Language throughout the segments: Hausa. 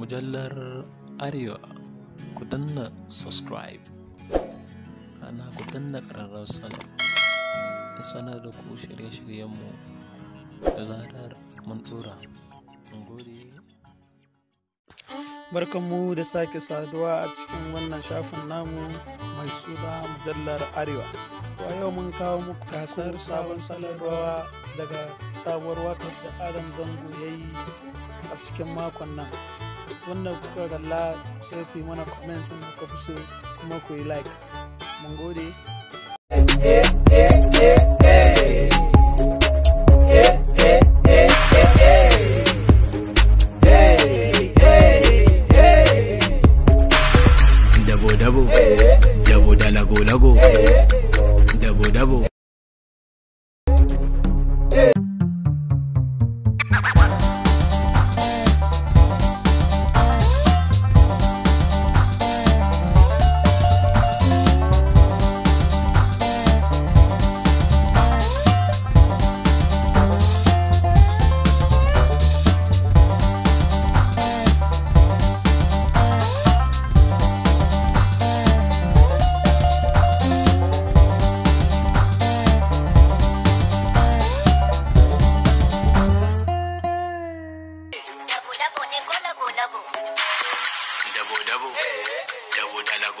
mujallar Arewa ku danna subscribe ana ku danna ƙararrawar sanar da sanar da ku shirye-shiryenmu da zarar mun ɗora. Barkanmu da sake saduwa a cikin wannan shafin namu mai suna mujallar Arewa. Wa yau mun kawo muku gasar sabon salon rawa daga sabuwar wakar da Adam Zango ya yi a cikin makon nan. wannan kuka kalla sai ku yi mana comment kuka fi so kuma ku yi like mun gode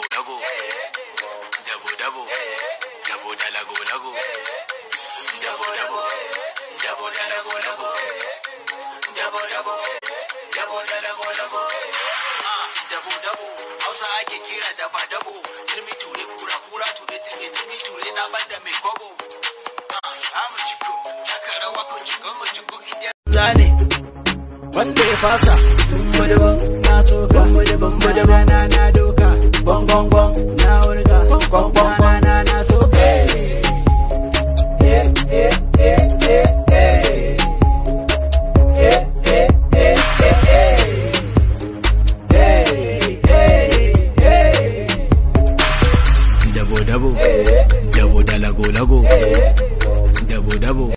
double double, double double, double double, double, double, double double, double double, double, double, double double, double double, double, double. double, double double, Hausa ake kira double, double, double, double, ture kura kura ture double, double, ture na banda double, kobo. double, chiko, double, double, chiko mo chiko double, Zane, double, double, double, double na soka bambule bambule na na na doka bong bong bong na urga bong bong na na na soka yeah yeah yeah yeah Double double, double dalago lago, double double. Double double, double.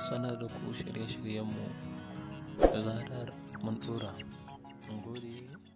sanar da ku shirye-shiryenmu da zarar mun dora. gode.